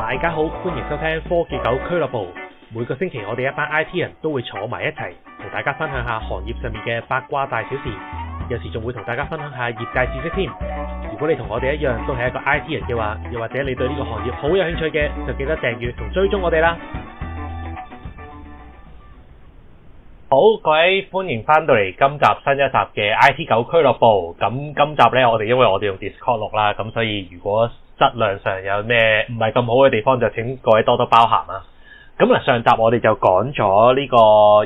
大家好，歡迎收聽科技狗俱樂部。每個星期我哋一班 I T 人都會坐埋一齊，同大家分享下行業上面嘅八卦大小事，有時仲會同大家分享下業界知識添。如果你同我哋一樣都係一個 I T 人嘅話，又或者你對呢個行業好有興趣嘅，就記得訂閱同追蹤我哋啦。好，各位歡迎翻到嚟今集新一集嘅 I T 狗俱樂部。咁今集呢，我哋因為我哋用 Discord 錄啦，咁所以如果質量上有咩唔係咁好嘅地方，就請各位多多包涵啊！咁嗱，上集我哋就講咗呢個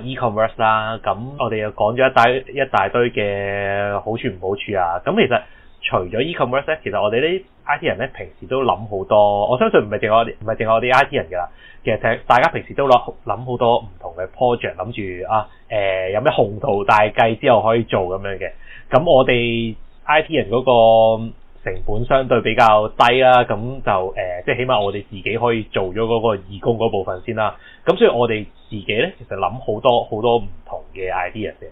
e-commerce 啦，咁我哋又講咗一大一大堆嘅好處唔好處啊！咁其實除咗 e-commerce 咧，其實我哋啲 IT 人咧，平時都諗好多，我相信唔係淨我，唔係淨我哋 IT 人㗎，其實大家平時都諗諗好多唔同嘅 project，諗住啊，誒、呃、有咩宏圖大計之後可以做咁樣嘅。咁我哋 IT 人嗰、嗰個。成本相對比較低啦，咁就誒、呃，即係起碼我哋自己可以做咗嗰個義工嗰部分先啦。咁所以我哋自己咧，其實諗好多好多唔同嘅 idea 嘅。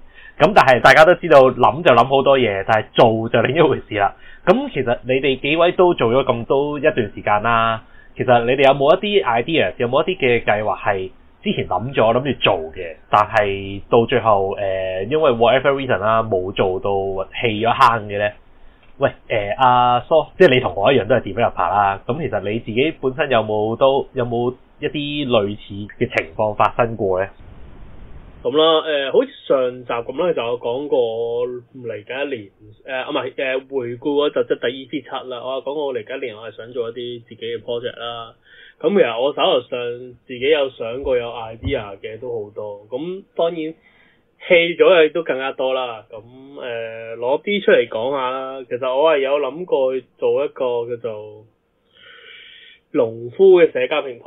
咁但係大家都知道諗就諗好多嘢，但係做就另一回事啦。咁其實你哋幾位都做咗咁多一段時間啦，其實你哋有冇一啲 idea，有冇一啲嘅計劃係之前諗咗諗住做嘅，但係到最後誒、呃，因為 whatever reason 啦，冇做到或棄咗慳嘅咧？喂，誒阿蘇，so, 即係你同我一樣都係地表入拍啦。咁其實你自己本身有冇都有冇一啲類似嘅情況發生過咧？咁啦，誒、呃、好似上集咁啦，就有講過嚟緊一年，誒、呃、啊唔係，誒回顧就即係第二篇七啦。我講過我嚟緊一年，我係想做一啲自己嘅 project 啦。咁其實我手頭上自己有想過有 idea 嘅都好多。咁當然。棄咗嘅都更加多啦。咁誒，攞、呃、啲出嚟講下啦。其實我係有諗過去做一個叫做農夫嘅社交平台，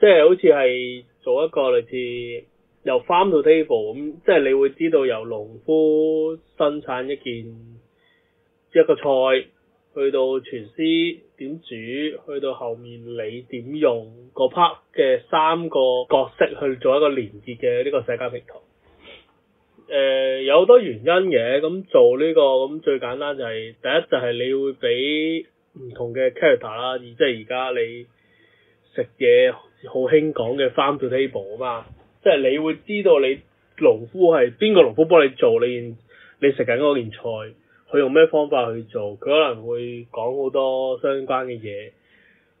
即係好似係做一個類似由 farm to table 咁，即係你會知道由農夫生產一件一個菜，去到廚師點煮，去到後面你點用嗰 part 嘅三個角色去做一個連結嘅呢個社交平台。誒、呃、有好多原因嘅，咁、嗯、做呢、這個咁、嗯、最簡單就係、是、第一就係你會俾唔同嘅 character 啦，而即係而家你食嘢好興講嘅 farm to table 啊嘛，即係你會知道你農夫係邊個農夫幫你做你你食緊嗰件菜，佢用咩方法去做，佢可能會講好多相關嘅嘢，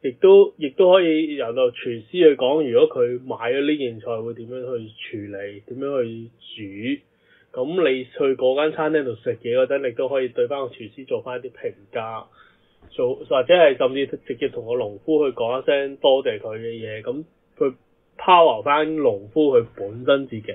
亦都亦都可以由到廚師去講，如果佢買咗呢件菜會點樣去處理，點樣去煮。咁你去嗰間餐廳度食嘢嗰陣，你都可以對翻個廚師做翻一啲評價，做或者係甚至直接同個農夫去講一聲多謝佢嘅嘢，咁佢拋留翻農夫佢本身自己。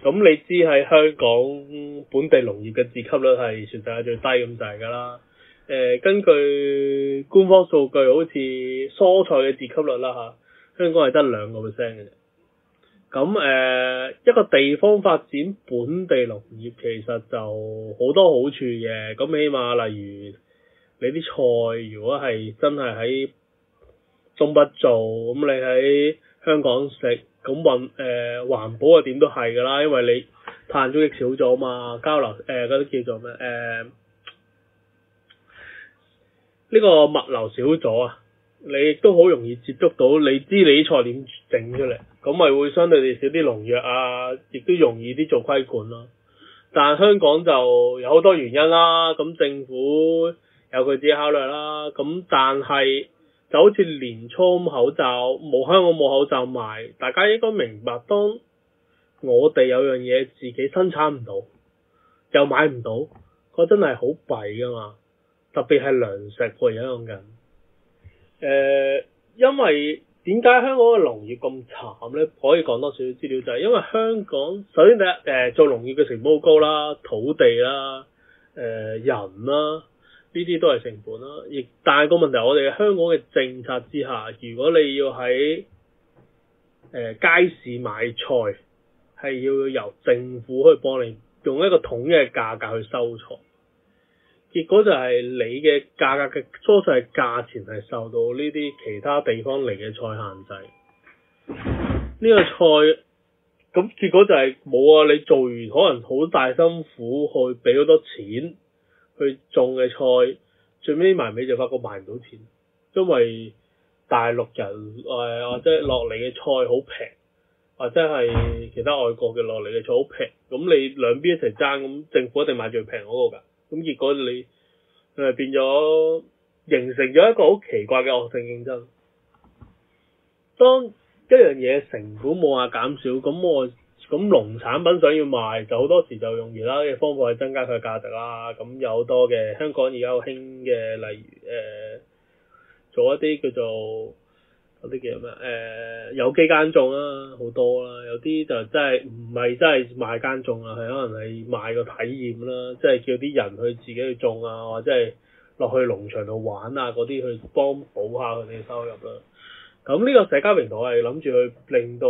咁你知喺香港本地農業嘅自給率係全世界最低，咁就係㗎啦。誒、呃，根據官方數據，好似蔬菜嘅自給率啦嚇，香港係得兩個 percent 嘅。咁誒、嗯、一個地方發展本地農業其實就好多好處嘅，咁起碼例如你啲菜如果係真係喺東北做，咁、嗯、你喺香港食，咁運誒環保啊點都係㗎啦，因為你碳足跡少咗嘛，交流誒嗰啲叫做咩誒？呢、嗯這個物流少咗啊，你都好容易接觸到，你知你啲菜點整出嚟。咁咪會相對地少啲農藥啊，亦都容易啲做規管咯、啊。但香港就有好多原因啦、啊，咁政府有佢自己考慮啦、啊。咁但係就好似年初口罩冇，香港冇口罩賣，大家應該明白當我哋有樣嘢自己生產唔到，又買唔到，個真係好弊噶嘛。特別係糧食嗰樣嘢。誒、呃，因為。點解香港嘅農業咁慘咧？可以講多少少資料，就係因為香港，首先第一，誒做農業嘅成本好高啦，土地啦，誒、呃、人啦、啊，呢啲都係成本啦、啊。亦但係個問題，我哋香港嘅政策之下，如果你要喺誒、呃、街市買菜，係要由政府去以幫你用一個統一嘅價格去收菜。結果就係你嘅價格嘅，蔬菜價錢係受到呢啲其他地方嚟嘅菜限制。呢個菜咁結果就係冇啊！你做完可能好大辛苦去俾好多錢去種嘅菜，最尾埋尾就發覺賣唔到錢，因為大陸人誒或者落嚟嘅菜好平，或者係其他外國嘅落嚟嘅菜好平。咁你兩邊一齊爭，咁政府一定買最平嗰個㗎。咁結果你誒變咗形成咗一個好奇怪嘅惡性競爭。當一樣嘢成本冇話減少，咁我咁農產品想要賣，就好多時就用而家嘅方法去增加佢嘅價值啦。咁有好多嘅香港而家好興嘅，例如誒、呃、做一啲叫做。啲叫咩？誒、呃、有機耕種啦，好多啦。有啲就真係唔係真係賣耕種啊，係可能係賣個體驗啦，即係叫啲人去自己去種啊，或者係落去農場度玩啊嗰啲，去幫補下佢哋嘅收入啦。咁呢個社交平台係諗住去令到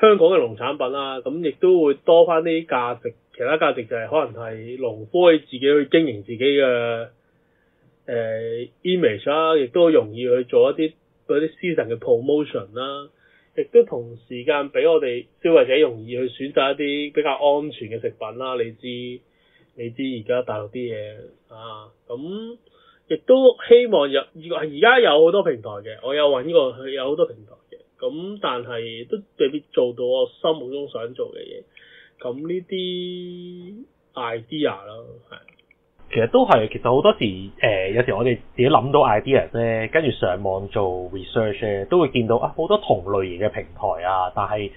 香港嘅農產品啦、啊，咁亦都會多翻啲價值。其他價值就係可能係農夫自己去經營自己嘅誒、呃、image 啦、啊，亦都容易去做一啲。嗰啲獅臣嘅 promotion 啦，亦都同時間俾我哋消費者容易去選擇一啲比較安全嘅食品啦。你知你知而家大陸啲嘢啊，咁亦都希望有而家有好多平台嘅，我有搵過佢有好多平台嘅，咁但係都未必做到我心目中想做嘅嘢。咁呢啲 idea 咯，係。其實都係，其實好多時誒、呃、有時我哋自己諗到 idea 咧，跟住上網做 research 咧，都會見到啊好多同類型嘅平台啊，但係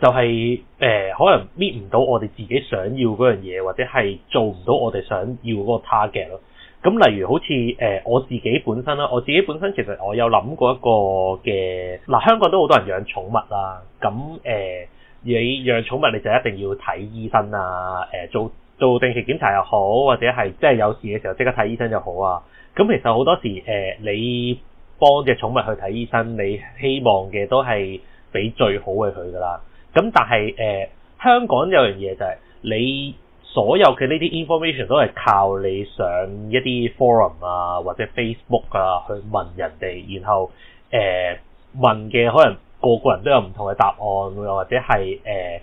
就係、是、誒、呃、可能搣唔到我哋自己想要嗰樣嘢，或者係做唔到我哋想要嗰個 target 咯、啊。咁、嗯、例如好似誒、呃、我自己本身啦，我自己本身其實我有諗過一個嘅嗱、呃，香港都好多人養寵物啦、啊，咁、嗯、誒、呃、你養寵物你就一定要睇醫生啊，誒、呃、做。做定期檢查又好，或者係即係有事嘅時候即刻睇醫生又好啊！咁其實好多時誒、呃，你幫隻寵物去睇醫生，你希望嘅都係俾最好嘅佢㗎喇。咁但係誒、呃，香港有樣嘢就係、是、你所有嘅呢啲 information 都係靠你上一啲 forum 啊，或者 Facebook 啊去問人哋，然後誒、呃、問嘅可能個個人都有唔同嘅答案，又或者係誒。呃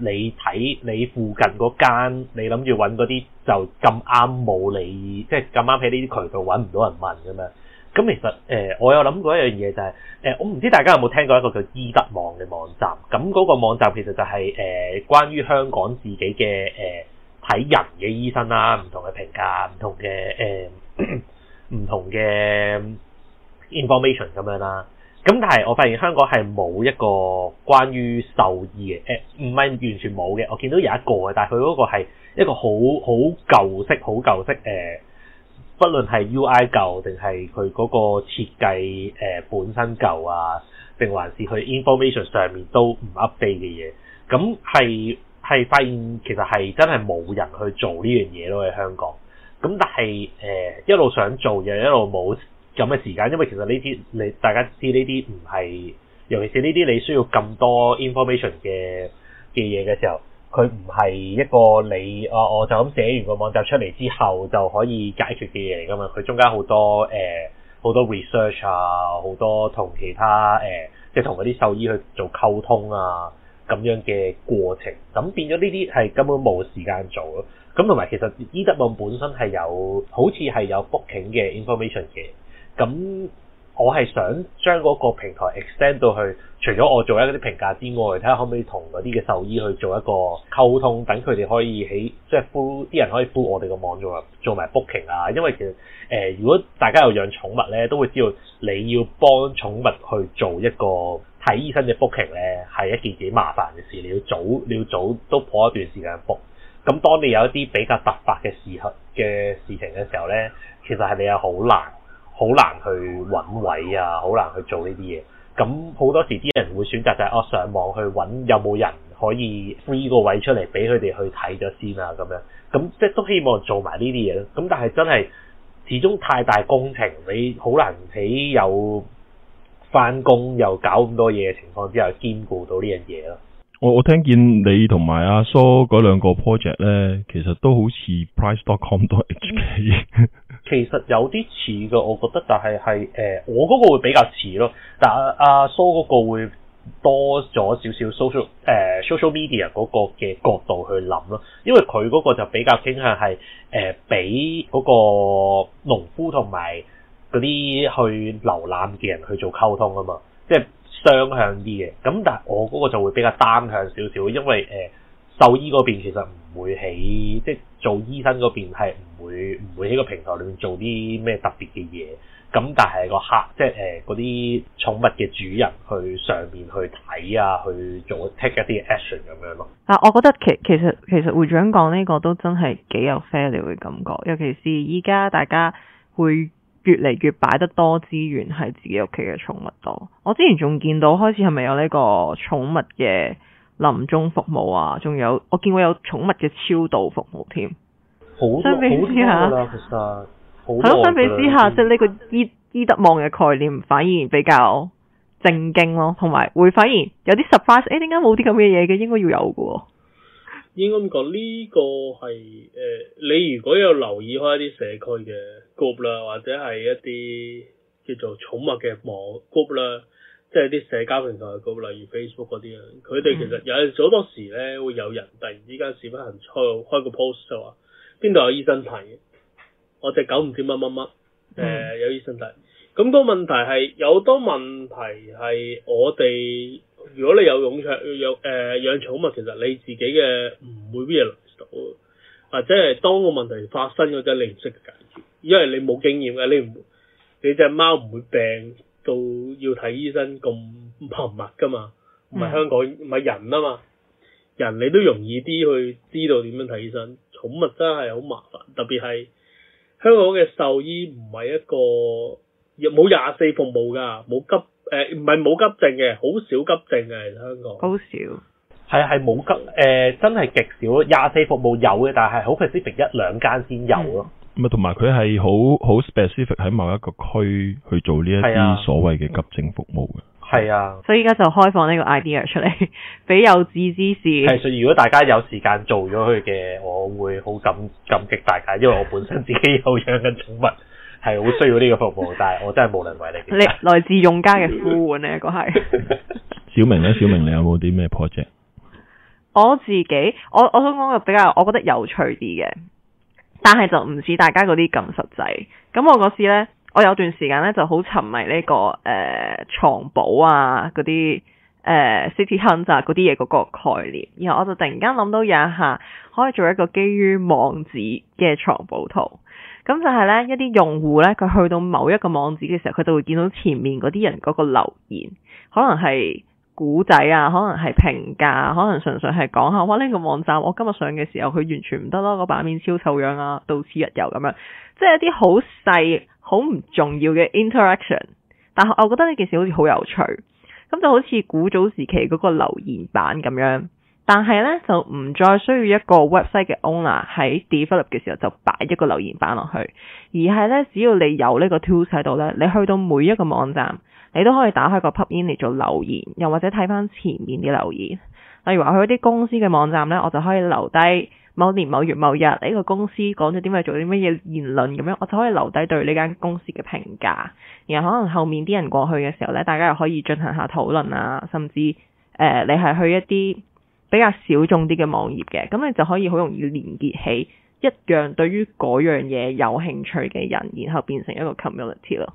你睇你附近嗰間，你諗住揾嗰啲就咁啱冇你，即係咁啱喺呢啲渠道揾唔到人問㗎嘛。咁其實誒、呃，我有諗過一樣嘢就係、是、誒、呃，我唔知大家有冇聽過一個叫醫德網嘅網站。咁、那、嗰個網站其實就係、是、誒、呃，關於香港自己嘅誒睇人嘅醫生啦、啊，唔同嘅評價，唔同嘅誒，唔、呃、 同嘅 information 咁樣啦、啊。咁但係，我發現香港係冇一個關於獸醫嘅，誒唔係完全冇嘅，我見到有一個嘅，但係佢嗰個係一個好好舊式、好舊式誒、呃，不論係 UI 舊定係佢嗰個設計、呃、本身舊啊，定還是佢 information 上面都唔 update 嘅嘢。咁係係發現其實係真係冇人去做呢樣嘢咯，喺香港。咁但係誒、呃、一路想做，又一路冇。咁嘅時間，因為其實呢啲你大家知呢啲唔係，尤其是呢啲你需要咁多 information 嘅嘅嘢嘅時候，佢唔係一個你啊、哦，我就咁寫完個網站出嚟之後就可以解決嘅嘢嚟㗎嘛。佢中間好多誒好、呃、多 research 啊，好多同其他誒、呃、即係同嗰啲獸醫去做溝通啊咁樣嘅過程，咁變咗呢啲係根本冇時間做咯。咁同埋其實醫、e、德網本身係有好似係有 booking 嘅 information 嘅。咁我係想將個平台 extend 到去，除咗我做一啲評價之外，睇下可唔可以同啲嘅獸醫去做一個溝通，等佢哋可以起即係 full 啲人可以 full 我哋個網做埋做埋 booking 啊。因為其實誒、呃、如果大家有養寵物咧，都會知道你要幫寵物去做一個睇醫生嘅 booking 咧，係一件幾麻煩嘅事。你要早你要早都鋪一段時間 book。咁當你有一啲比較突發嘅事嘅事情嘅時候咧，其實係你係好難。好難去揾位啊，好難去做呢啲嘢。咁好多時啲人會選擇就係我上網去揾有冇人可以 free 個位出嚟俾佢哋去睇咗先啊，咁樣。咁即係都希望做埋呢啲嘢咯。咁但係真係始終太大工程，你好難喺又翻工又搞咁多嘢嘅情，情況之下兼顧到呢樣嘢咯。我我聽見你同埋阿蘇嗰兩個 project 咧，其實都好似 price dot com dot hk。其實有啲似噶，我覺得，但係係誒，我嗰個會比較似咯。但阿阿蘇嗰個會多咗少少 social 誒、呃、social media 嗰個嘅角度去諗咯。因為佢嗰個就比較傾向係誒俾嗰個農夫同埋嗰啲去瀏覽嘅人去做溝通啊嘛，即係。雙向啲嘅，咁但係我嗰個就會比較單向少少，因為誒、呃、獸醫嗰邊其實唔會喺即係做醫生嗰邊係唔會唔會喺個平台裏面做啲咩特別嘅嘢，咁但係個客即係誒嗰啲寵物嘅主人去上面去睇啊，去做 take 一啲 action 咁樣咯。嗱，我覺得其其實其實會長講呢個都真係幾有 fair 嘅感覺，尤其是依家大家會越嚟越擺得多資源喺自己屋企嘅寵物度。我之前仲見到開始係咪有呢個寵物嘅臨終服務啊？仲有我見過有寵物嘅超度服務添。好多相比之下，其實好。喺相比之下，嗯、即係呢個醫醫德望嘅概念反而比較正經咯，同埋會反而有啲 surprise。誒、欸，點解冇啲咁嘅嘢嘅？應該要有嘅。應該咁講，呢個係誒、呃，你如果有留意開一啲社區嘅。啦，group，或者係一啲叫做寵物嘅網 group 啦，即係啲社交平台嘅 group，例如 Facebook 嗰啲啊。佢哋其實有好多時咧，會有人突然之間屎忽痕開開個 post 就話邊度有醫生睇我隻狗唔知乜乜乜誒，呃 mm hmm。有醫生睇咁、嗰個問題係有好多問題係我哋如果你有養雀養誒養寵物，其實你自己嘅唔會邊嘢留意到，或者係當個問題發生嗰陣，你唔識解決。因為你冇經驗呀，你唔你隻貓唔會病到要睇醫生咁頻密㗎嘛，唔係香港唔係人啊嘛，人你都容易啲去知道點樣睇醫生，寵物真係好麻煩，特別係香港嘅獸醫唔係一個冇廿四服務㗎，冇急誒唔係冇急症嘅，好少急症嘅香港。好少係係冇急誒，真係極少。廿四服務有嘅，但係好 specific 一兩間先有咯。咁啊，同埋佢係好好 specific 喺某一個區去做呢一啲所謂嘅急症服務嘅，啊。係啊所， 所以而家就開放呢個 idea 出嚟，俾有志之士。係，如果大家有時間做咗佢嘅，我會好感感激大家，因為我本身自己有養緊寵物，係好需要呢個服務， 但係我真係無能為力。 你來自用家嘅呼喚呢，個係。小明呢？小明你有冇啲咩 project？我自己，我我，我想講個比較，我覺得有趣啲嘅。但係就唔似大家嗰啲咁實際。咁我嗰時呢，我有段時間呢就好沉迷呢、這個誒、呃、藏寶啊嗰啲誒 City Hunter 嗰啲嘢，嗰個概念。然後我就突然間諗到有一下可以做一個基於網址嘅藏寶圖。咁就係呢，一啲用戶呢，佢去到某一個網址嘅時候，佢就會見到前面嗰啲人嗰個留言，可能係。古仔啊，可能係評價，啊，可能純粹係講下哇呢、呢個網站，我今日上嘅時候佢完全唔得咯，個版面超醜樣啊，到此一遊咁樣，即係一啲好細、好唔重要嘅 interaction。但係我覺得呢件事好似好有趣，咁就好似古早時期嗰個留言板咁樣，但係呢，就唔再需要一個 website 嘅 owner 喺 develop 嘅時候就擺一個留言板落去，而係呢，只要你有呢個 tool 喺度呢，你去到每一個網站。你都可以打開個 pop in 嚟做留言，又或者睇翻前面啲留言。例如話去一啲公司嘅網站呢，我就可以留低某年某月某日呢個公司講咗點樣做啲乜嘢言論咁樣，我就可以留低對呢間公司嘅評價。然後可能後面啲人過去嘅時候呢，大家又可以進行下討論啊，甚至誒、呃、你係去一啲比較小眾啲嘅網頁嘅，咁你就可以好容易連結起一樣對於嗰樣嘢有興趣嘅人，然後變成一個 community 咯。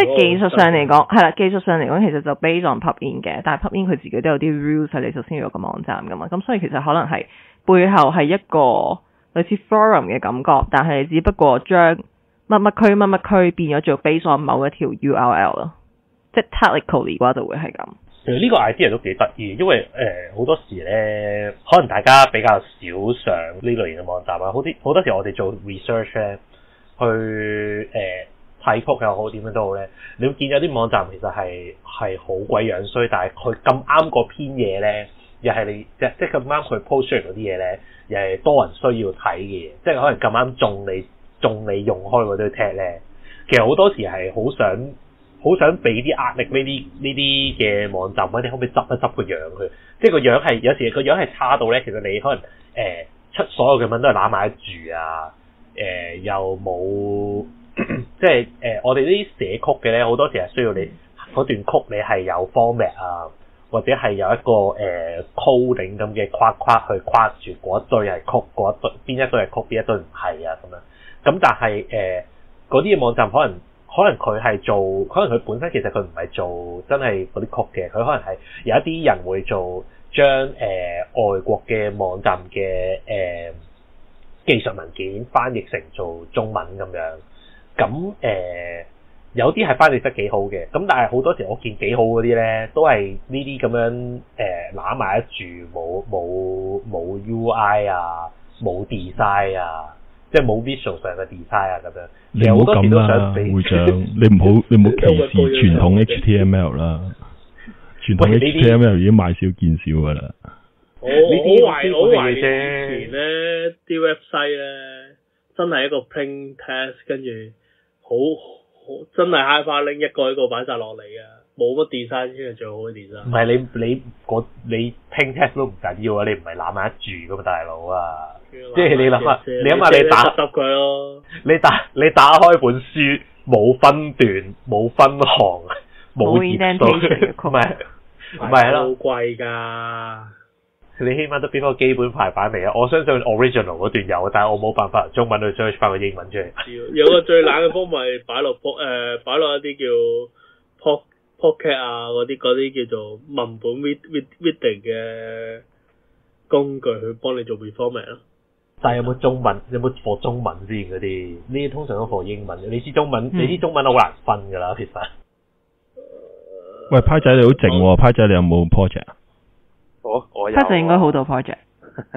即係技術上嚟講係啦，技術上嚟講其實就 based on pop in 嘅，但係 pop in 佢自己都有啲 rules 係你首先要有個網站噶嘛，咁所以其實可能係背後係一個類似 forum 嘅感覺，但係只不過將乜乜區乜乜區變咗做 based on 某一條 URL 咯，即係 technically 話就會係咁。其實呢個 idea 都幾得意，因為誒好、呃、多時咧，可能大家比較少上呢類型嘅網站啦，好啲好多時我哋做 research 咧，去誒。呃替曲又好點樣都好咧，你會見有啲網站其實係係好鬼樣衰，但係佢咁啱嗰篇嘢咧，又係你即即咁啱佢 post 出嚟嗰啲嘢咧，又係多人需要睇嘅嘢，即係可能咁啱中你中你用開嗰堆 tag 咧，其實好多時係好想好想俾啲壓力呢啲呢啲嘅網站，問你可唔可以執一執個樣佢，即係個樣係有時個樣係差到咧，其實你可能誒、呃、出所有嘅文都係攬埋一住啊，誒、呃、又冇。 即係誒、呃，我哋呢啲寫曲嘅咧，好多時係需要你嗰段曲你係有 format 啊，或者係有一個誒、呃、coding 咁嘅框框去框住嗰一堆係曲，嗰一堆邊一堆係曲，邊一堆唔係啊咁樣。咁但係誒嗰啲嘅網站可能可能佢係做，可能佢本身其實佢唔係做真係嗰啲曲嘅，佢可能係有一啲人會做將誒、呃、外國嘅網站嘅誒、呃、技術文件翻譯成做中文咁樣。咁誒、呃、有啲係翻譯得幾好嘅，咁但係好多時我見幾好嗰啲咧，都係呢啲咁樣誒攬埋一住，冇冇冇 UI 啊，冇 design 啊，即係冇 visual 上嘅 design 啊咁樣。你唔好咁啦，都想會想長 你唔好你唔好歧視傳統 HTML 啦。喂傳統 HTML 些已經賣少見少噶啦、哦。我好懷我懷疑以前咧啲 web site 咧真係一個 plain text 跟住。好好真係 high 翻拎一個一個擺晒落嚟啊！冇乜 design 先係最好嘅 design。唔係你你嗰你拼音都唔緊要啊！你唔係攬埋一注噶嘛，大佬啊！即係你諗下，你諗下你打濕佢咯。你打你打開本書，冇分段，冇分行，冇字數，唔係唔係咯，好貴噶。你起碼都編翻個基本排版嚟啊！我相信 original 嗰段有，但係我冇辦法中文去 search 翻個英文出嚟。有個最懶嘅方咪擺落 po 擺落一啲叫 po pocket 啊，嗰啲啲叫做文本 reading 嘅工具去幫你做 performance 咯。但係有冇中文？有冇課中文先嗰啲？呢啲通常都課英文你知中文？嗯、你知中文好難分㗎啦，其實。喂，派仔你好靜喎！派仔你有冇 project？我我就應該好多 project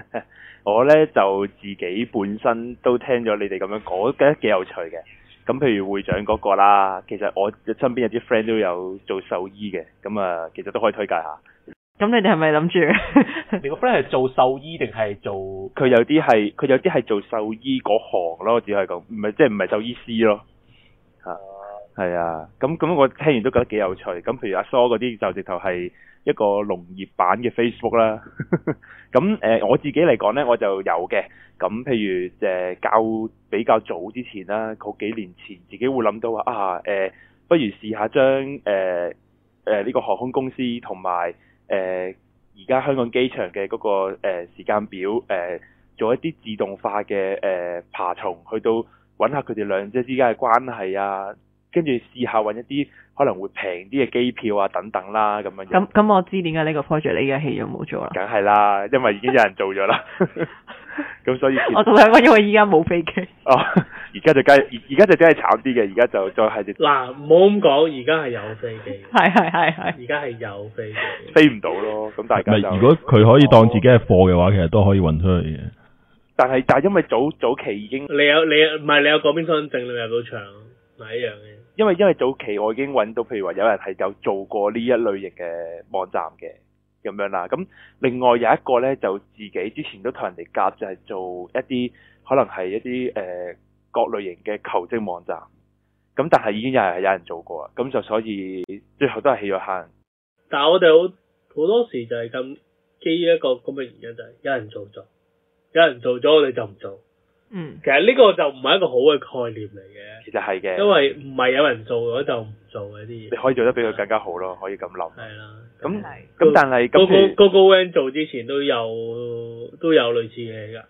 我。我咧就自己本身都聽咗你哋咁樣講，覺得幾有趣嘅。咁譬如會長嗰個啦，其實我身邊有啲 friend 都有做獸醫嘅，咁啊，其實都可以推介下。咁你哋係咪諗住？ 你個 friend 係做獸醫定係做？佢 有啲係，佢有啲係做獸醫嗰行咯，我只可以講，唔係即係唔係獸醫師咯。啊，係啊，咁咁我聽完都覺得幾有趣。咁譬如阿蘇嗰啲就直頭係。一個農業版嘅 Facebook 啦、 嗯，咁、呃、誒我自己嚟講呢，我就有嘅。咁、嗯、譬如誒較、呃、比較早之前啦，好幾年前自己會諗到話啊誒、呃，不如試下將誒誒呢個航空公司同埋誒而家香港機場嘅嗰、嗰個誒、呃、時間表誒、呃、做一啲自動化嘅誒、呃、爬蟲，去到揾下佢哋兩者之間嘅關係啊，跟住試下揾一啲。可能會平啲嘅機票啊，等等啦，咁樣、嗯。咁咁、嗯，我知點解呢個 project 你而家棄咗冇做啦？梗係啦，因為已經有人做咗啦。咁所以，我同佢講，因為而家冇飛機。哦， 而家就梗而家就真係慘啲嘅。而家就再係，嗱，唔好咁講，而家係有飛機。係係係係，而家係有飛，飛唔到咯。咁大家，如果佢可以當自己係貨嘅話，其實都可以運出去嘅。但係，但係因為早早期已經，你有你唔係你有港邊通行證，你入到場，咪一樣嘅。因為因為早期我已經揾到，譬如話有人係有做過呢一類型嘅網站嘅咁樣啦。咁另外有一個呢，就自己之前都同人哋夾，就係、是、做一啲可能係一啲誒、呃、各類型嘅求職網站。咁但係已經有人係有人做過啦。咁就所以最後都係起咗坑。但係我哋好好多時就係咁基於一個咁嘅原因，就是，就係有人做咗，有人做咗，你就唔做。嗯，其實呢個就唔係一個好嘅概念嚟嘅。其實係嘅，因為唔係有人做咗就唔做嘅啲嘢。你可以做得比佢更加好咯，可以咁諗。係啦，咁咁但係今次 Go Go 做之前都有都有類似嘅嘢㗎。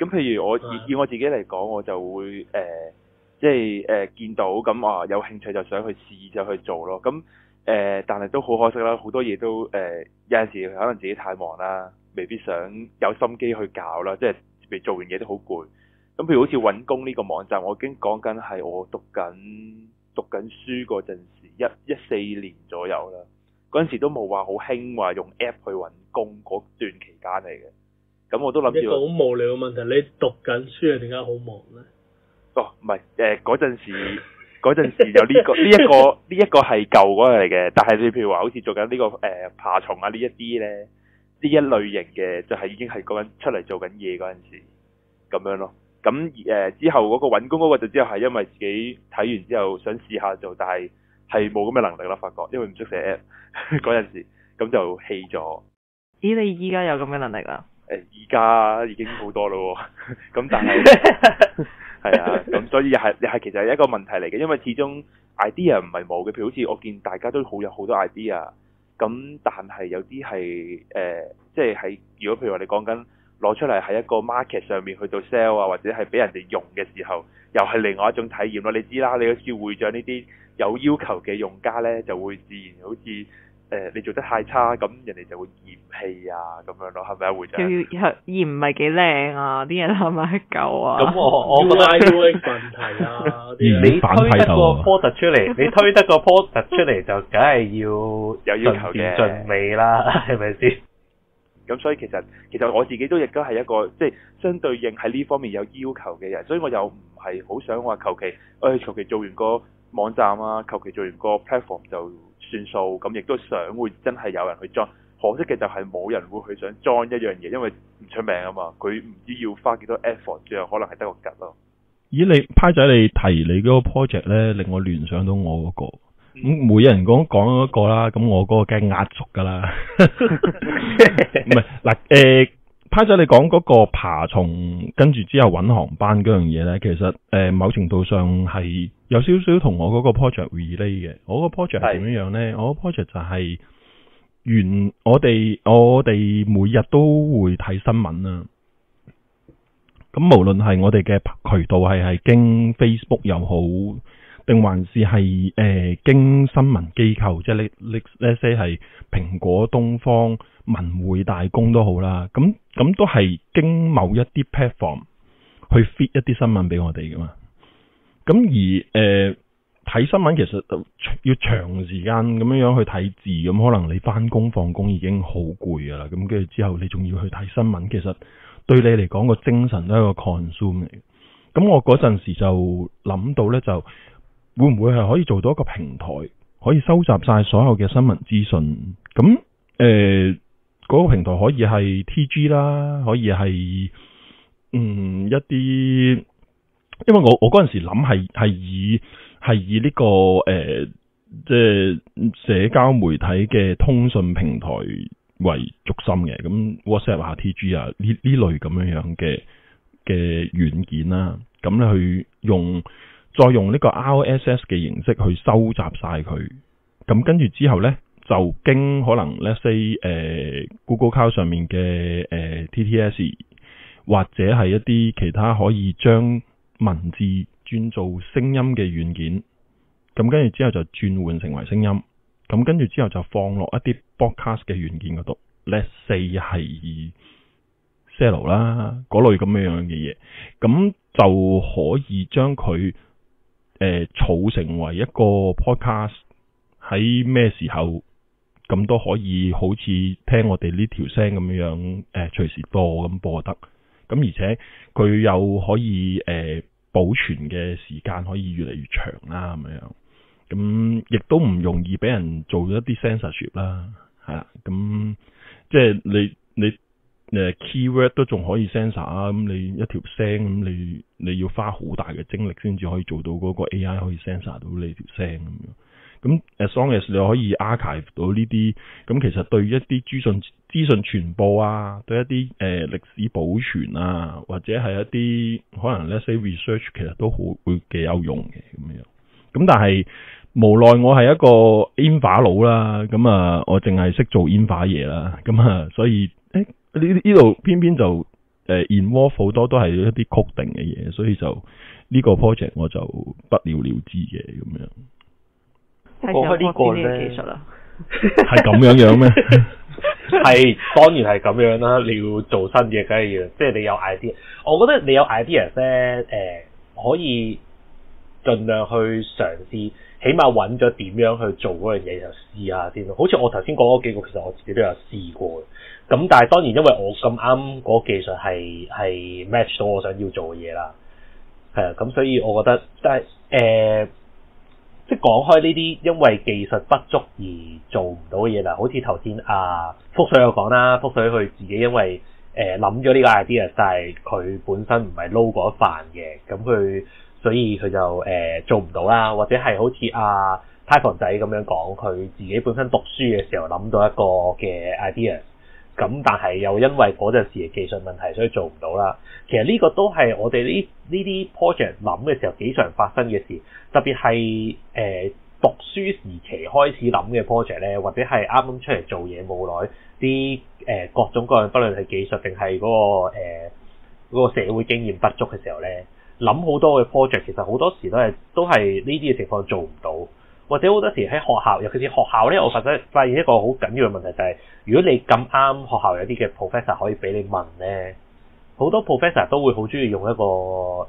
咁譬如我以我自己嚟講，我就會誒，即係誒見到咁啊，有興趣就想去試就去做咯。咁誒，但係、呃、都好可惜啦，好多嘢都誒、呃、有陣時可能自己太忙啦，未必想有心機去搞啦，即係未做完嘢都好攰。咁譬如好似揾工呢個網站，我已經講緊係我讀緊讀緊書嗰陣時，一一四年左右啦。嗰陣時都冇話好興，話用 app 去揾工嗰段期間嚟嘅。咁我都諗住，好無聊嘅問題，你讀緊書啊，點解好忙咧？哦，唔係，誒嗰陣時嗰陣時就呢、呢個呢一、 呢個呢一、呢個係舊嗰陣嚟嘅，但係你譬如話好似做緊、呢、呢個誒、呃、爬蟲啊呢一啲咧，呢一類型嘅就係已經係講緊出嚟做緊嘢嗰陣時咁樣咯。咁誒、呃、之後嗰個揾工嗰個就之後係因為自己睇完之後想試下做，但係係冇咁嘅能力啦，發覺因為唔識寫 app 嗰陣時，咁就棄咗。咦？你依家有咁嘅能力啦？誒、呃，依家已經好多咯，咁 但係是係 啊，咁所以又係其實係一個問題嚟嘅，因為始終 idea 唔係冇嘅，譬如好似我見大家都好有好多 idea，咁但係有啲係誒，即係喺如果譬如話你講緊。攞出嚟喺一個 market 上面去做 sell 啊，或者係俾人哋用嘅時候，又係另外一種體驗咯。你知啦，你叫會長呢啲有要求嘅用家呢，就會自然好似誒、呃、你做得太差，咁人哋就會嫌棄啊咁樣咯，係咪啊，會長？要嫌唔係幾靚啊，啲人攪咪？一啊！咁我我覺得要問題啊， 嗯、你推得個 product 出嚟， 你推得個 product 出嚟就梗係要有要求嘅。盡 美啦，係咪先？咁所以其實其實我自己都亦都係一個即係相對應喺呢方面有要求嘅人，所以我又唔係好想話求其，誒求其做完個網站啊，求其做完個 platform 就算數，咁亦都想會真係有人去 join。可惜嘅就係冇人會去想 join 一樣嘢，因為唔出名啊嘛，佢唔知要花幾多 effort，最後可能係得個吉咯。咦？你派仔你提你嗰個 project 咧，令我聯想到我嗰個。咁每人講講一個啦，咁我嗰個梗壓軸噶啦，唔係嗱，誒、呃，派咗你講嗰個爬蟲，跟住之後揾航班嗰樣嘢咧，其實誒、呃，某程度上係有少少同我嗰個 project relate 嘅。我個 project 係點樣樣咧？是我個 project 就係、是，原我哋我哋每日都會睇新聞啦、啊，咁無論係我哋嘅渠道係係經 Facebook 又好。定還是係誒、呃，經新聞機構，即係你呢那些係蘋果、東方、文匯、大公都好啦。咁咁都係經某一啲 platform 去 fit 一啲新聞俾我哋噶嘛。咁而誒睇、呃、新聞其實要長時間咁樣樣去睇字，咁可能你返工放工已經好攰噶啦。咁跟住之後你仲要去睇新聞，其實對你嚟講個精神都係個 consume 嚟。咁我嗰陣時就諗到呢就。會唔會係可以做到一個平台，可以收集晒所有嘅新聞資訊？咁誒，嗰、呃嗰個平台可以係 T G 啦，可以係嗯一啲，因為我我嗰陣時諗係係以係以呢、呢個誒即係社交媒體嘅通訊平台為重心嘅，咁 WhatsApp 下、啊、T G 啊呢呢類咁樣樣嘅嘅軟件啦、啊，咁咧去用。再用呢個 R S S 嘅形式去收集晒佢，咁跟住之後咧就經可能 let's say、呃、誒 Google Cloud 上面嘅誒、呃、T T S 或者係一啲其他可以將文字轉做聲音嘅軟件，咁跟住之後就轉換成為聲音，咁跟住之後就放落一啲 Podcast 嘅軟件嗰度，let's say 係 sell 啦嗰類咁樣樣嘅嘢，咁就可以將佢。誒，儲、呃、成為一個 podcast 喺咩時候，咁都可以好似聽我哋呢條聲咁樣樣誒、呃，隨時播咁播得咁，而且佢又可以誒、呃、保存嘅時間可以越嚟越長啦咁樣，咁亦都唔容易俾人做一啲 censorship 啦吓，咁即係你你。你誒 keyword 都仲可以 sensor 啊，咁你一條聲咁你你要花好大嘅精力先至可以做到嗰個 AI 可以 sensor 到你條聲咁樣。咁 as long as 你可以 archive 到呢啲，咁其實對一啲資訊資訊傳播啊，對一啲誒、呃、歷史保存啊，或者係一啲可能 let's say research 其實都好會幾有用嘅咁樣。咁但係無奈我係一個煙化佬啦，咁啊我淨係識做煙化嘢啦，咁啊所以。呢呢度偏偏就誒 involve 好多都係一啲 coding 嘅嘢，所以就呢個 project 我就不了了之嘅咁樣。講開呢個咧，技術啊，係咁樣樣咩？係當然係咁樣啦！你要做新嘢，梗係要，即係你有 idea。我覺得你有 idea 咧，誒、呃、可以盡量去嘗試，起碼揾咗點樣去做嗰樣嘢，就試下先。好似我頭先講嗰幾個，其實我自己都有試過。咁，但係當然，因為我咁啱嗰技術係係 match 到我想要做嘅嘢啦。係啊，咁所以我覺得即係誒，即係講開呢啲，因為技術不足而做唔到嘅嘢啦。好似頭先阿福水有講啦，福水佢自己因為誒諗咗呢個 idea，但係佢本身唔係撈過一飯嘅，咁佢所以佢就誒、呃、做唔到啦。或者係好似阿泰皇仔咁樣講，佢自己本身讀書嘅時候諗到一個嘅 idea。咁但係又因為嗰陣時嘅技術問題，所以做唔到啦。其實呢個都係我哋呢呢啲 project 諗嘅時候幾常發生嘅事，特別係誒、呃、讀書時期開始諗嘅 project 咧，或者係啱啱出嚟做嘢冇耐，啲誒、呃、各種各樣，不論係技術定係嗰個誒、呃、社會經驗不足嘅時候咧，諗好多嘅 project，其實好多時都係都係呢啲嘅情況做唔到。或者好多時喺學校，尤其是學校咧，我覺得發現一個好緊要嘅問題就係，如果你咁啱學校有啲嘅 professor 可以俾你問咧，好多 professor 都會好中意用一個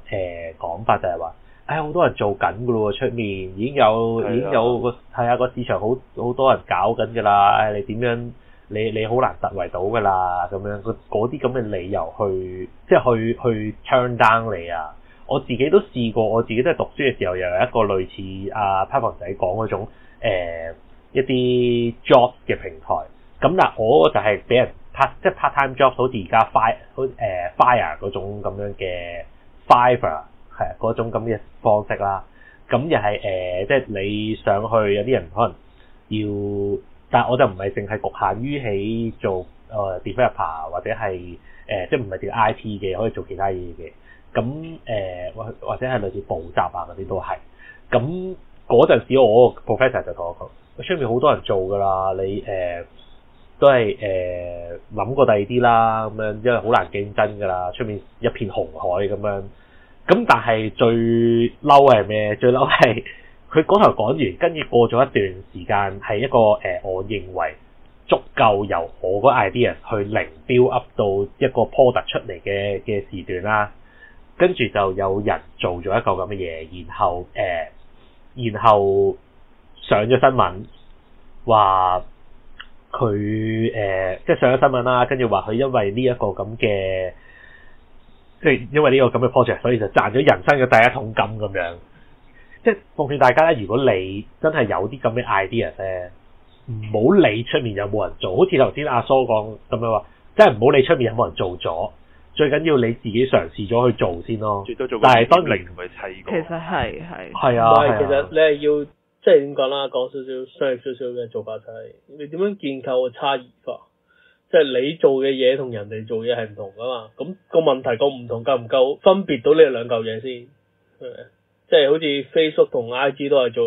誒講法，就係話，唉，好多人做緊㗎咯，出面已經有的已經有個係啊個市場好好多人搞緊㗎啦，唉，你點樣你你好難突圍到㗎啦，咁樣嗰啲咁嘅理由去即係去去 turn down 你啊。我自己都試過，我自己都係讀書嘅時候，又有一個類似啊 Patrick 仔講嗰種、呃、一啲 job 嘅平台。咁嗱，我就係俾人即 part 即係 part time job，好似而家 fire 好、呃、誒 fire 嗰種咁樣嘅 Fiverr 係嗰種咁嘅方式啦。咁又係誒，即係你上去有啲人可能要，但係我就唔係淨係局限於喺做誒 developer 或者係誒、呃、即係唔係做 I T 嘅，可以做其他嘢嘅。咁誒，或或者係類似補習啊嗰啲都係。咁嗰陣時，我個 professor 就同我講，出面好多人做㗎啦。你誒都係誒諗過第二啲啦，咁樣因為好難競爭㗎啦，出面一片紅海咁樣。咁但係最嬲係咩？最嬲係佢嗰頭講完，跟住過咗一段時間，係一個誒，我認為足夠由我個 ideas 去零 build up 到一個 product 出嚟嘅嘅時段啦。跟住就有人做咗一個咁嘅嘢，然後誒、呃、然後上咗新聞話佢誒即係上咗新聞啦。跟住話佢因為呢一個咁嘅，即係因為呢個咁嘅 project，所以就賺咗人生嘅第一桶金咁樣。即係奉勸大家咧，如果你真係有啲咁嘅 idea 咧，唔好理出面有冇人做。好似頭先阿蘇講咁樣話，即係唔好理出面有冇人做咗。最緊要你自己嘗試咗去做先咯，但係得零同埋砌過、這個。其實係係。係啊係啊。但係，其實你係要即係點講啦？講少少商業少少嘅做法就係，你點樣建構個差異化？即係你做嘅嘢同人哋做嘢係唔同噶嘛？咁個問題個唔同夠唔夠分別到呢兩嚿嘢先？係咪？即係好似 Facebook 同 IG 都係做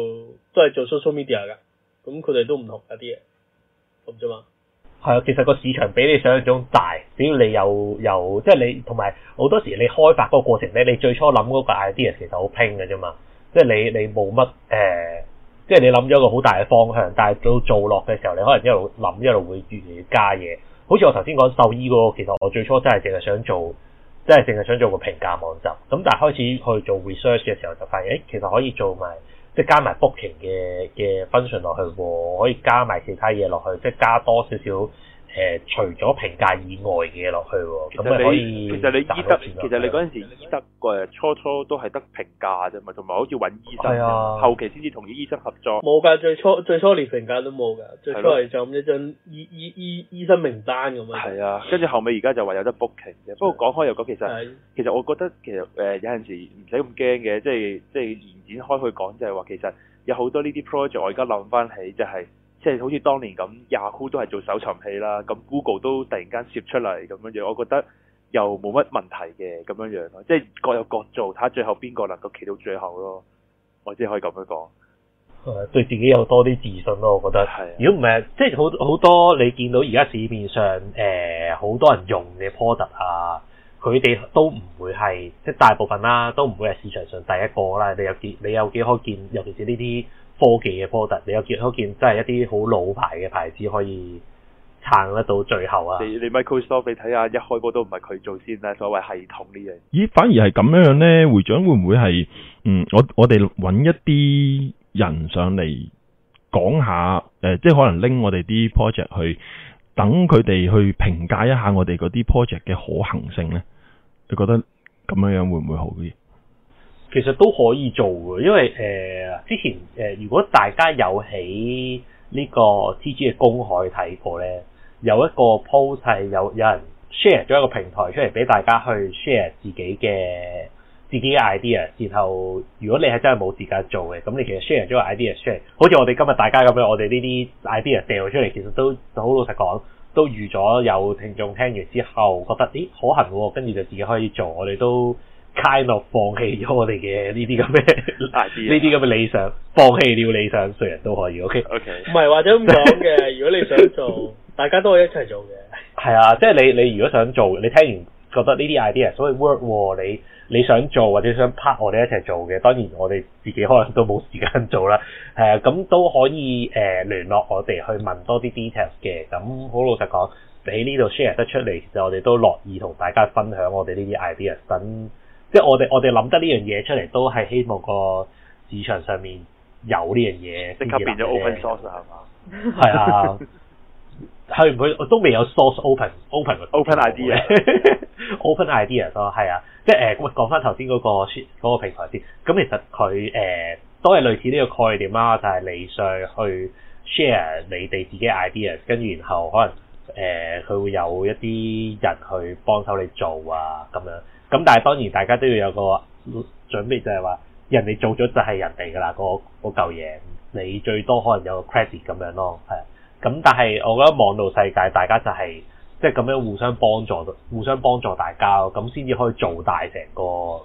都係做 social media 㗎，咁佢哋都唔同一啲嘢，咁啫嘛。係啊，其實個市場比你想像中大，只要你有有即係你同埋好多時你開發嗰個過程咧，你最初諗嗰個 idea 其實好拼嘅啫嘛，即係你你冇乜誒，即係你諗咗個好大嘅方向，但係到做落嘅時候，你可能一路諗一路會越嚟越加嘢。好似我頭先講獸醫嗰個，其實我最初真係淨係想做，即係淨係想做個評價網站，咁但係開始去做 research 嘅時候就發現，誒其實可以做埋。即係加埋 booking 嘅嘅 function 落去喎，可以加埋其他嘢落去，即係加多少少。誒除咗評價以外嘅嘢落去喎，咁你其實你醫德，其實你嗰陣時醫德誒初初都係得評價啫嘛，同埋好似揾醫生，後期先至同啲醫生合作。冇㗎，最初最初連評價都冇㗎，最初係就咁一張醫醫醫醫生名單咁樣。係啊，跟住後尾而家就話有得 booking 啫。不過講開又講，其實其實我覺得其實誒有陣時唔使咁驚嘅，即係即係延展開去講，就係話其實有好多呢啲 project，我而家諗翻起就係。即係好似當年咁，Yahoo 都係做搜尋器啦，咁 Google 都突然間攝出嚟咁樣樣，我覺得又冇乜問題嘅咁樣樣咯。即係各有各做，睇下最後邊個能夠企到最後咯。我只可以咁樣講。誒，對自己有多啲自信咯，我覺得係。如果唔係，即係好好多你見到而家市面上誒好多人用嘅 product 啊，佢哋都唔會係即係大部分啦，都唔會係市場上第一個啦。你有幾，你有幾可見，尤其是呢啲科技嘅 port，你有見都見真係一啲好老牌嘅牌子可以撐得到最後啊！你你 Microsoft，你睇下一開波都唔係佢做先啦，所謂系統呢樣。咦？反而係咁樣樣咧，會長會唔會係嗯？我我哋揾一啲人上嚟講下，誒、呃，即係可能拎我哋啲 project 去等佢哋去評價一下我哋嗰啲 project 嘅可行性咧？你覺得咁樣樣會唔會好啲？其實都可以做嘅，因為誒、呃、之前誒、呃，如果大家有喺呢個 TG 嘅公海睇過呢，有一個 post 係有有人 share 咗一個平台出嚟俾大家去 share 自己嘅自己嘅 idea。然後如果你係真係冇時間做嘅，咁你其實 share 咗個 idea share，好似我哋今日大家咁樣，我哋呢啲 idea 掉出嚟，其實都好老實講，都預咗有聽眾聽完之後覺得咦，可行喎，跟住就自己可以做。我哋都。kind o of 放棄咗我哋嘅呢啲咁嘅 idea，呢啲咁嘅理想放棄了理想，誰人都可以。OK，OK，唔係或者咁講嘅。 如果你想做，大家都可以一齊做嘅。係啊，即係你你如果想做，你聽完覺得呢啲 idea 所謂 work 你你想做或者想 part，我哋一齊做嘅。當然我哋自己可能都冇時間做啦。係啊，咁、嗯、都可以誒聯、呃、絡我哋去問多啲 details 嘅。咁好老實講，你呢度 share 得出嚟，其實我哋都樂意同大家分享我哋呢啲 idea 等。即係我哋我哋諗得呢樣嘢出嚟，都係希望個市場上面有呢樣嘢，即刻變咗 open source 係嘛吧？係啊 去唔去都未有 source open open open idea，open ideas 咯，係啊，即係誒講翻頭先嗰個、嗰個平台先，咁其實佢誒、呃、都係類似呢個概念啦，就係、是、你上去 share 你哋自己 idea 跟住，然後可能誒佢、呃、會有一啲人去幫手你做啊咁樣。咁但係當然大家都要有個準備，就就，就係話人哋做咗就係人哋噶啦，個嗰嚿嘢，你最多可能有個 credit 咁樣咯，係。咁但係我覺得網絡世界大家就係即係咁樣互相幫助，互相幫助大家，咁先至可以做大成個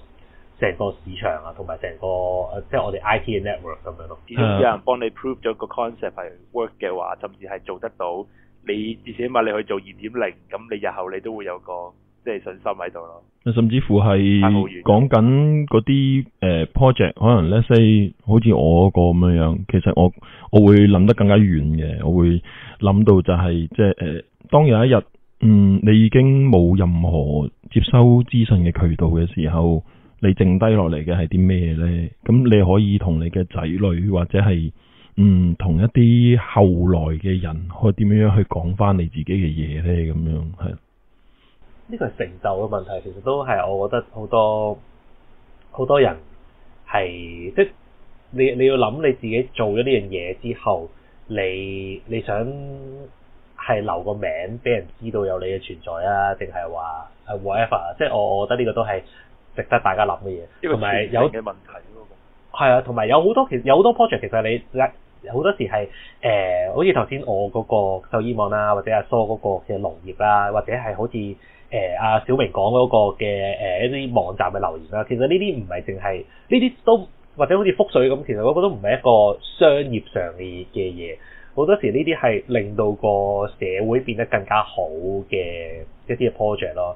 成個市場啊，同埋成個即係我哋 IT 嘅 network 咁樣咯。只要有人幫你 prove 咗個 concept 係 work 嘅話，甚至係做得到，你至少話你去做二點零，咁你日後你都會有個。即係信心喺度咯，甚至乎係講緊嗰啲誒 project，可能咧 say 好似我嗰個咁樣樣，其實我我會諗得更加遠嘅，我會諗到就係即係誒，當有一日嗯你已經冇任何接收資訊嘅渠道嘅時候，你剩低落嚟嘅係啲咩呢？咁你可以同你嘅仔女或者係嗯同一啲後來嘅人，可以點樣去講翻你自己嘅嘢呢？咁樣係。呢個成就嘅問題，其實都係我覺得好多好多人係即你你要諗你自己做咗呢樣嘢之後，你你想係留個名俾人知道有你嘅存在啊，定係話啊 whatever，即係我我覺得呢個都係值得大家諗嘅嘢，同埋有嘅問題。係啊，同埋有好多其實有好多 project，其實你好多時係誒，好似頭先我嗰個獸醫網啦，或者阿蘇嗰個嘅農業啦，或者係好似。誒阿、呃、小明講嗰個嘅誒一啲網站嘅留言啦，其實呢啲唔係淨係，呢啲都或者好似覆水咁，其實嗰個都唔係一個商業上嘅嘢。好多時呢啲係令到個社會變得更加好嘅一啲嘅 project 咯，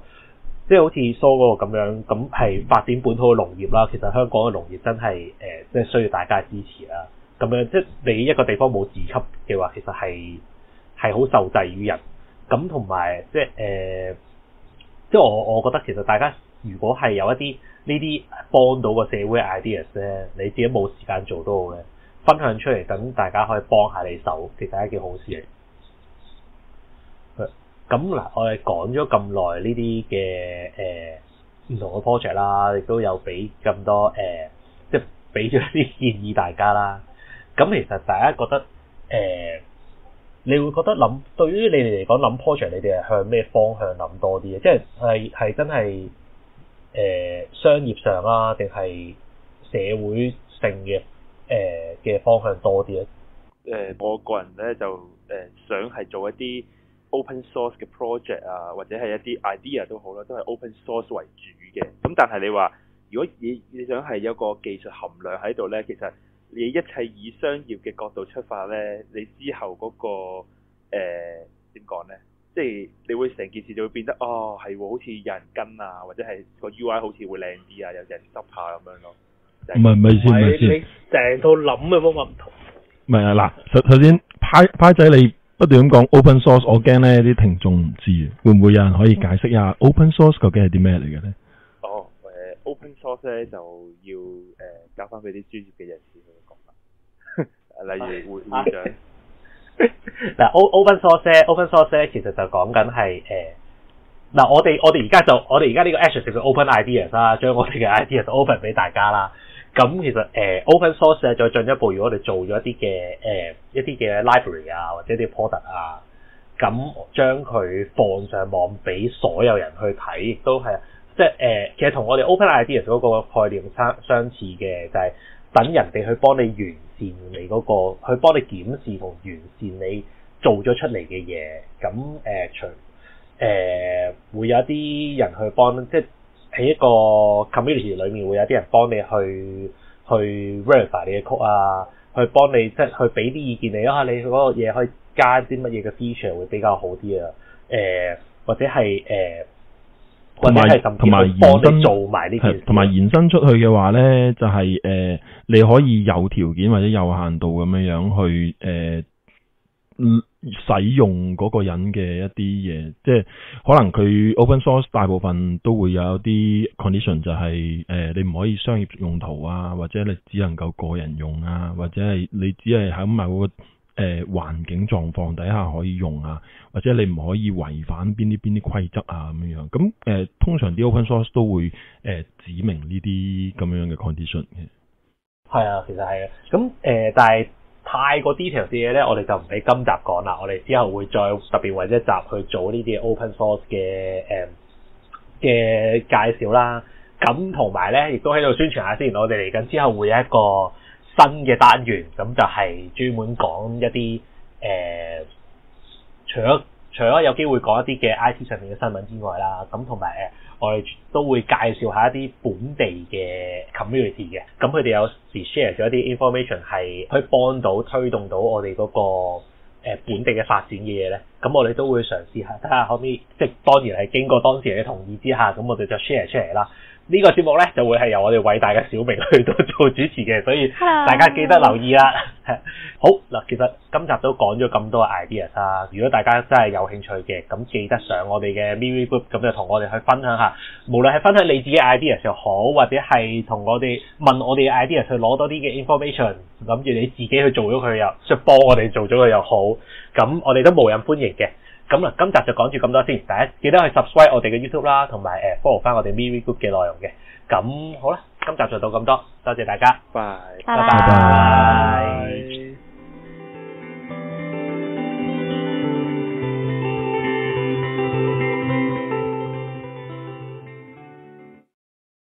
即係好似疏嗰個咁樣，咁係發展本土嘅農業啦。其實香港嘅農業真係誒，即、呃、係需要大家支持啦。咁樣即係你一個地方冇自給嘅話，其實係係好受制於人。咁同埋即係誒。呃即係我，我覺得其實大家如果係有一啲呢啲幫到個社會 ideas 咧，你自己冇時間做都好嘅，分享出嚟等大家可以幫下你手，其實係一件好事嚟。咁、呃、嗱，我哋講咗咁耐呢啲嘅誒唔同嘅 project 啦，亦都有俾咁多誒、呃，即係俾咗啲建議大家啦。咁其實大家覺得誒？呃你會覺得諗對於你哋嚟講諗 project，你哋係向咩方向諗多啲嘅？即係係係真係誒、呃、商業上啊，定係社會性嘅誒嘅方向多啲咧？誒、呃，我個人咧就誒、呃、想係做一啲 open source 嘅 project 啊，或者係一啲 idea 都好啦，都係 open source 為主嘅。咁但係你話，如果你你想係有個技術含量喺度咧，其實你一切以商業嘅角度出發咧，你之後嗰個誒點講咧？即係你會成件事就會變得哦係喎，好似有人跟啊，或者係個 UI 好似會靚啲啊，有啲人執下咁樣咯。唔係唔係意思，唔係意思，你成套諗嘅方法唔同。唔係啊嗱，首首先，派派仔你不斷咁講 open source， 我驚咧啲聽眾唔知，會唔會有人可以解釋一下 open source 究竟係啲咩嚟嘅咧？哦誒，open source 咧就要誒交翻俾啲專業嘅人士。例如會， 換換上嗱，open source open source 咧，其實就講緊係誒，嗱、呃，我哋我哋而家就我哋而家呢個 action 就叫 open ideas 啦，將我哋嘅 ideas open 俾大家啦。咁其實誒、呃、，open source 再進一步，如果我哋做咗一啲嘅誒一啲嘅 library 啊或者啲 product 啊，咁將佢放上網俾所有人去睇，亦都係啊，即係誒、呃，其實同我哋 open ideas 嗰個概念相相似嘅，就係、是、等人哋去幫你完善你嗰個，去幫你檢視同完善你做咗出嚟嘅嘢。咁誒、呃、除誒、呃、會有一啲人去幫，即係喺一個 community 裏面會有啲人幫你去去 verify 你嘅曲啊，去幫你即係去俾啲意見你啊，你嗰個嘢可以加啲乜嘢嘅 feature 會比較好啲啊？誒、呃、或者係誒。呃同埋同埋延伸，同埋延伸出去嘅話咧，就係、是、誒、呃、你可以有條件或者有限度咁樣樣去誒、呃、使用嗰個人嘅一啲嘢，即、就、係、是、可能佢 open source 大部分都會有啲 condition，就係、是、誒、呃、你唔可以商業用途啊，或者你只能夠個人用啊，或者係你只係喺某個。誒、呃、環境狀況底下可以用啊，或者你唔可以違反邊啲邊啲規則啊咁樣樣。咁誒、呃、通常啲 open source 都會誒、呃、指明呢啲咁樣嘅 condition 嘅。係啊，其實係啊。咁誒、呃，但係太過 detail 啲嘢咧，我哋就唔俾今集講啦。我哋之後會再特別為一集去做呢啲 open source 嘅誒嘅介紹啦。咁同埋咧，亦都喺度宣傳下先，我哋嚟緊之後會有一個新嘅單元，咁就係專門講一啲誒、呃，除咗除咗有機會講一啲嘅 I T 上面嘅新聞之外啦，咁同埋誒，我哋都會介紹下一啲本地嘅 community 嘅，咁佢哋有時 share 咗一啲 information 係可以幫到推動到我哋嗰個本地嘅發展嘅嘢咧，咁我哋都會嘗試下睇下可唔可以。即係當然係經過當事人嘅同意之下，咁我哋就 share 出嚟啦。呢個節目呢，就會係由我哋偉大嘅小明去到做主持嘅，所以大家記得留意啦。 好嗱，其實今集都講咗咁多 ideas 啦。如果大家真係有興趣嘅，咁記得上我哋嘅 Mimi Group，咁就同我哋去分享下。無論係分享你自己 ideas 又好，或者係同我哋問我哋 idea 去攞多啲嘅 information，諗住你自己去做咗佢又，即係幫我哋做咗佢又好，咁我哋都無人歡迎嘅。咁啦，今集就講住咁多先。大家，記得去 subscribe 我哋嘅 YouTube 啦，同埋 follow 返我哋 Mivi Group 嘅內容嘅。咁好啦，今集就到咁多，多謝大家，拜拜 Bye。